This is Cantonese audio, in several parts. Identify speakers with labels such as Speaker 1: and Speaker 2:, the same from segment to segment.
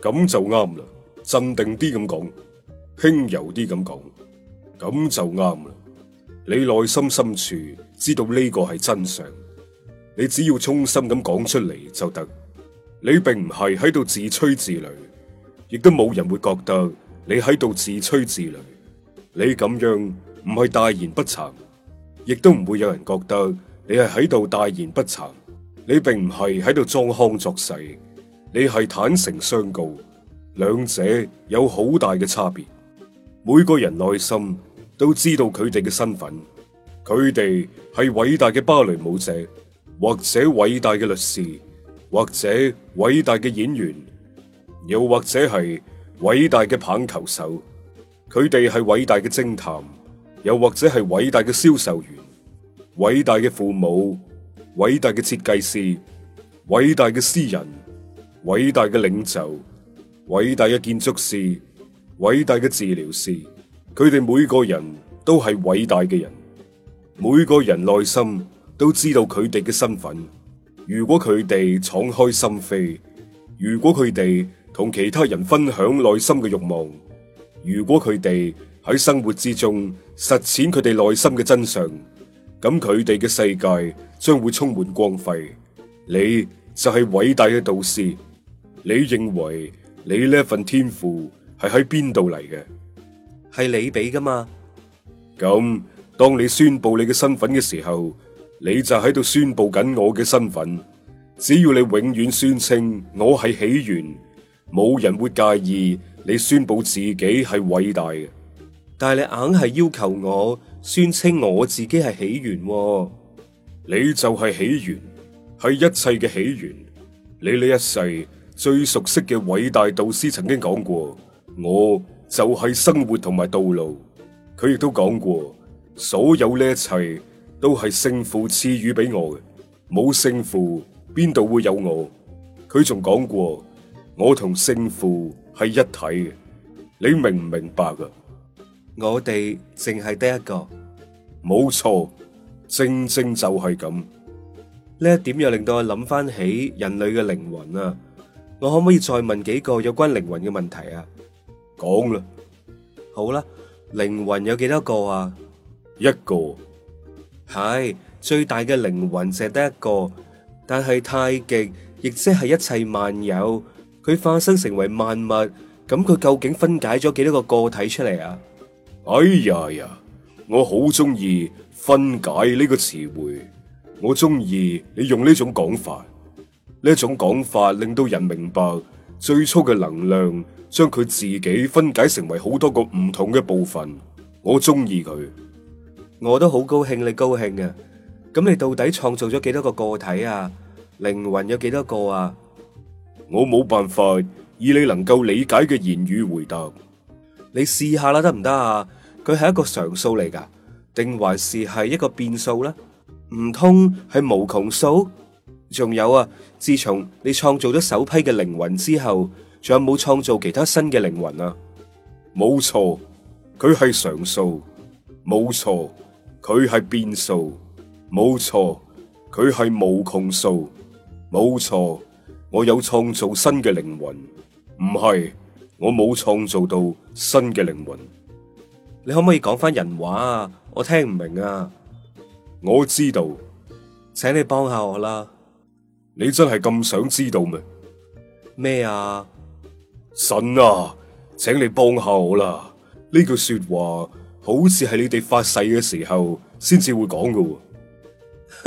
Speaker 1: 咁就啱啦，鎮定啲咁講，輕柔啲咁講，咁就啱啦。你內心深處知道呢個係真相，你只要衷心咁講出嚟就得。你並唔係喺度自吹自擂，亦都冇人會覺得你喺度自吹自擂。你咁樣唔係大言不慚，亦都唔會有人覺得你係喺度大言不慚。你並唔係喺度裝腔作勢。你係坦誠相告，兩者有好大嘅差別。每個人內心都知道佢哋嘅身份，佢哋係偉大嘅芭蕾舞者，或者偉大嘅律師，或者偉大嘅演員，又或者係偉大嘅棒球手。佢哋係偉大嘅偵探，又或者係偉大嘅銷售員，偉大嘅父母，偉大嘅設計師，偉大嘅詩人。偉大嘅領袖，偉大嘅建築師，偉大嘅治療師，佢哋每個人都係偉大嘅人。每個人內心都知道佢哋嘅身份。如果佢哋敞開心扉，如果佢哋同其他人分享內心嘅慾望，如果佢哋喺生活之中實踐佢哋內心嘅真相，咁佢哋嘅世界將會充滿光輝。你就係偉大嘅導師。你認為你呢一份天賦係喺邊度嚟嘅？係你俾噶嘛？咁當你宣布你嘅身份嘅時候，你就喺度宣布緊我嘅身份。只要你永遠宣稱我係起源，冇人會介意你宣布自己係偉大嘅。但係你硬係要求我宣稱我自己係起源、哦、起源，你就係起源，係一切嘅起源。你呢一世。最熟悉嘅偉大導師曾經講過：我就係生活同埋道路。佢亦都講過，所有呢一切都係聖父賜予俾我嘅，冇聖父邊度會有我。佢仲講過，我同聖父係一體嘅。你明唔明白噶啊？我哋淨係得一個。冇錯，正正就係咁。呢一點又令到我諗翻起人類嘅靈魂啊！我可唔可以再問幾個有關靈魂嘅問題啊？講啦吧，好啦，靈魂有幾多個啊？一個。係，最大嘅靈魂，只得一個。但係太極亦即係一切萬有，佢化身成為萬物，咁佢究竟分解咗幾多個個體出嚟啊？哎呀呀，我好中意分解呢個詞彙，我中意你用呢種講法。呢種講法令到人明白最初嘅能量將佢自己分解成為好多個唔同嘅部分。我中意佢，我都好高興你高興啊！咁你到底創造咗幾多個個體啊？靈魂有幾多個啊？我冇辦法以你能夠理解嘅言語回答。你試下啦，得唔得啊？佢係一個常數嚟噶，定還是係一個變數咧？唔通係無窮數？仲有啊！自從你創造咗首批嘅靈魂之後，仲有冇創造其他新嘅靈魂啊？冇錯，佢係常數；冇錯，佢係變數；冇錯，佢係無窮數；冇錯，我有創造新嘅靈魂。唔係，我冇創造到新嘅靈魂。你可唔可以講翻人話啊？我聽唔明啊！我知道，請你幫下我啦。你真係咁想知道咩？咩啊？神啊，請你幫下我啦！呢句說話好似係你哋發誓嘅時候先至會講噶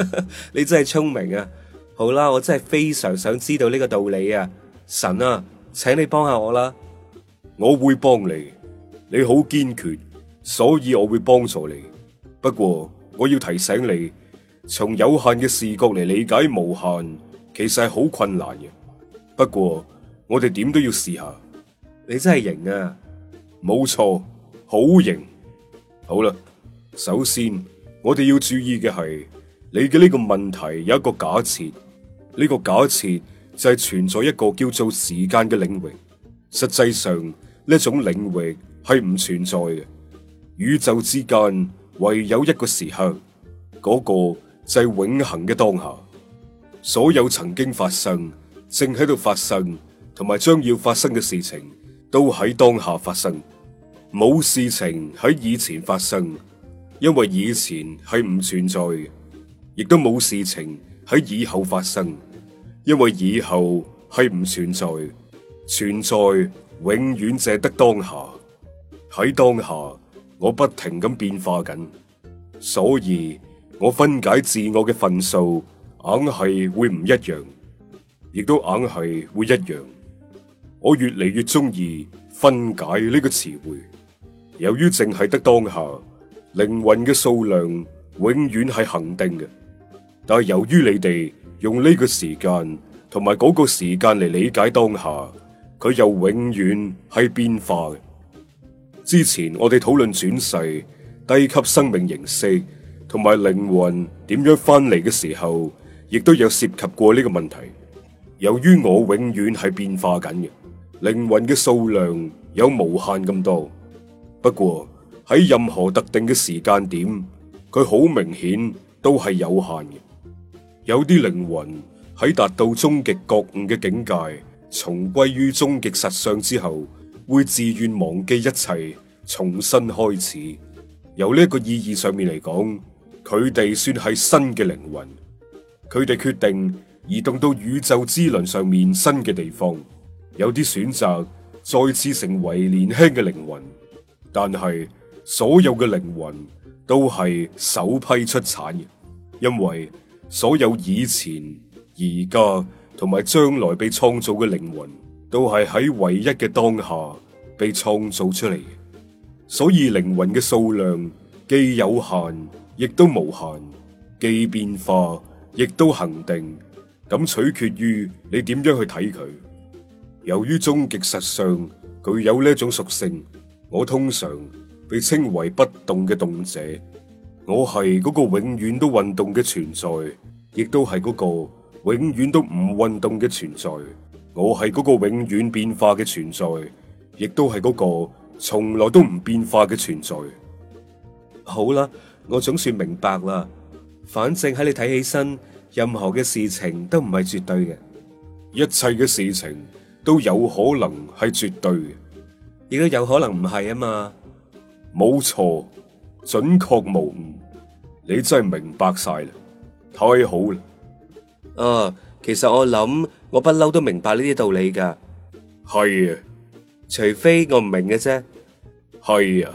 Speaker 1: 啊。 你真係聰明啊！好啦，我真係非常想知道呢個道理啊！神啊，請你幫下我啦！我會幫你，你好堅決，所以我會幫助你。不過我要提醒你，從有限嘅視角嚟理解無限，其實係好困難嘅，不過我哋點都要試下。你真係型啊！冇錯，好型。好啦，首先我哋要注意嘅係，你嘅呢個問題有一個假設，呢、這個假設就係存在一個叫做時間嘅領域。實際上呢種領域係唔存在嘅，宇宙之間唯有一個時刻，嗰、那個就係永恆嘅當下。所有曾經發生、正喺度發生同埋將要發生嘅事情，都喺當下發生。冇事情喺以前發生，因為以前係唔存在，亦都冇事情喺以後發生，因為以後係唔存在。存在永遠只得當下，喺當下我不停咁變化緊，所以我分解自我嘅份數。硬係會唔一樣，亦都硬係會一樣。我越嚟越中意分解呢個詞彙。由於淨係得當下，靈魂嘅數量永遠係恒定嘅，但係由於你哋用呢個時間同埋嗰個時間嚟理解當下，佢又永遠係變化嘅。之前我哋討論轉世、低級生命形式同埋靈魂點樣翻嚟嘅時候，亦都有涉及過呢個問題。由於我永遠係變化緊嘅，靈魂嘅數量有無限咁多。不過喺任何特定嘅時間點，佢好明顯都係有限嘅。有啲靈魂喺達到終極覺悟嘅境界，重歸於終極實相之後，會自願忘記一切，重新開始。由呢一個意義上面嚟講，佢哋算係新嘅靈魂。佢哋決定移動到宇宙之輪上面新嘅地方，有啲選擇再次成為年輕嘅靈魂，但係所有嘅靈魂都係首批出產嘅，因為所有以前、而家同埋將來被創造嘅靈魂都係喺唯一嘅當下被創造出嚟，所以靈魂嘅數量既有限，亦都無限，既變化，亦都恒定，咁取決於你點樣去睇佢。由於終極實相具有呢一種屬性，我通常被稱為不動嘅動者。我係嗰個永遠都運動嘅存在，亦都係嗰個永遠都唔運動嘅存在。我係嗰個永遠變化嘅存在，亦都係嗰個從來都唔變化嘅存在。好啦，我總算明白啦。反正喺你睇起身，任何嘅事情都唔係絕對嘅，一切嘅事情都有可能係絕對嘅，亦都有可能唔係啊嘛。冇錯，準確無誤，你真係明白晒啦，太好啦。啊，其實我諗我不嬲都明白呢啲道理㗎，係啊，除非我唔明嘅啫，係啊，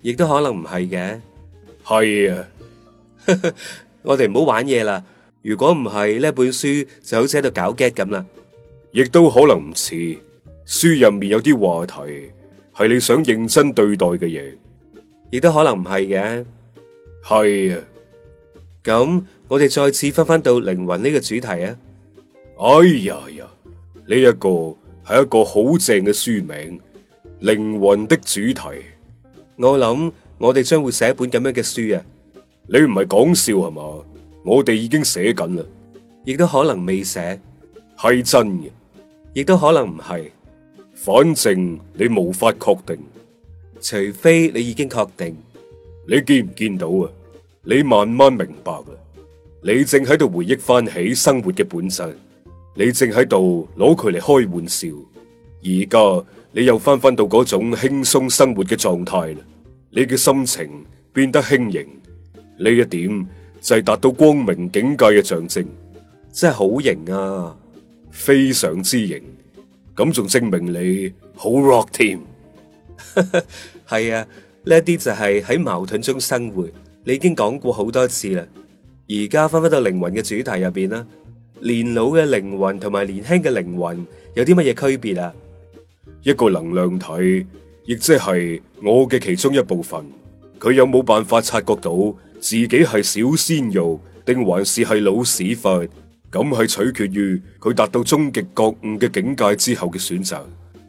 Speaker 1: 亦都可能唔係嘅，係啊。 我哋唔好玩嘢啦，如果唔係呢一本書就好似喺度搞 get 咁啦，亦都可能唔似。書入面有啲話題係你想認真對待嘅嘢，亦都可能唔係嘅。係啊，咁我哋再次翻翻到靈魂呢個主題啊。哎呀呀，呢一個係一個好正嘅書名，靈魂的主題。我諗我哋將會寫一本咁樣嘅書啊。你唔係講笑係嘛？我哋已經寫緊啦，亦都可能未寫，係真嘅，亦都可能唔係，反正你無法確定，除非你已經確定。你見唔見到啊？你慢慢明白啦，你正喺度回憶翻起生活嘅本質，你正喺度攞佢嚟開玩笑，而家你又翻翻到嗰種輕鬆生活嘅狀態啦，你嘅心情變得輕盈。呢一點就係達到光明境界嘅象徵，真係好型啊！非常之型，咁仲證明你好 rock 添。係 啊，呢一啲就係喺矛盾中生活。你已經講過好多次啦，而家翻返到靈魂嘅主題入邊啦。年老嘅靈魂同埋年輕嘅靈魂有啲乜嘢區別啊？一個能量體，亦即係我嘅其中一部分，佢有冇辦法察覺到？自己係小鮮肉定還是係老屎忽？咁係取決於佢達到終極覺悟嘅境界之後嘅選擇。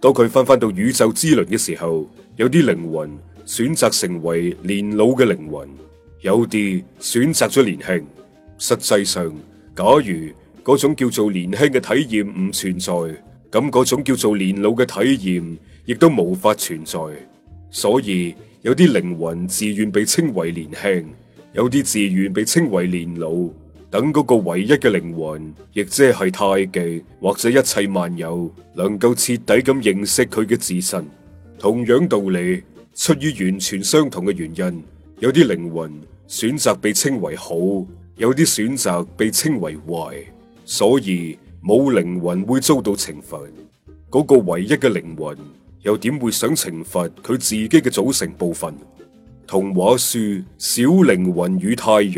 Speaker 1: 當佢翻返到宇宙之輪嘅時候，有啲靈魂選擇成為年老嘅靈魂，有啲選擇咗年輕。實際上，假如嗰種叫做年輕嘅體驗唔存在，咁嗰種叫做年老嘅體驗亦都無法存在。所以有啲靈魂自願被稱為年輕。有啲自願被稱為「年老」，等嗰個唯一嘅靈魂，亦即係太極或者一切萬有，能夠徹底咁認識佢嘅自身。同樣道理，出於完全相同嘅原因，有啲靈魂選擇被稱為好，有啲選擇被稱為壞。所以冇靈魂會遭到懲罰，嗰、那個唯一嘅靈魂又點會想懲罰佢自己嘅組成部分？童話書《小靈魂與太陽》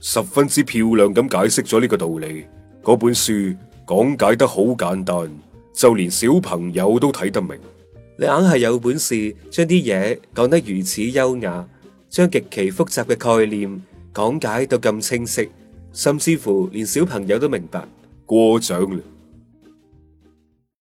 Speaker 1: 十分之漂亮咁解釋咗呢個道理。嗰本書講解得好簡單，就連小朋友都睇得明。你硬係有本事將啲嘢講得如此優雅，將極其複雜嘅概念講解到咁清晰，甚至乎連小朋友都明白，過獎啦。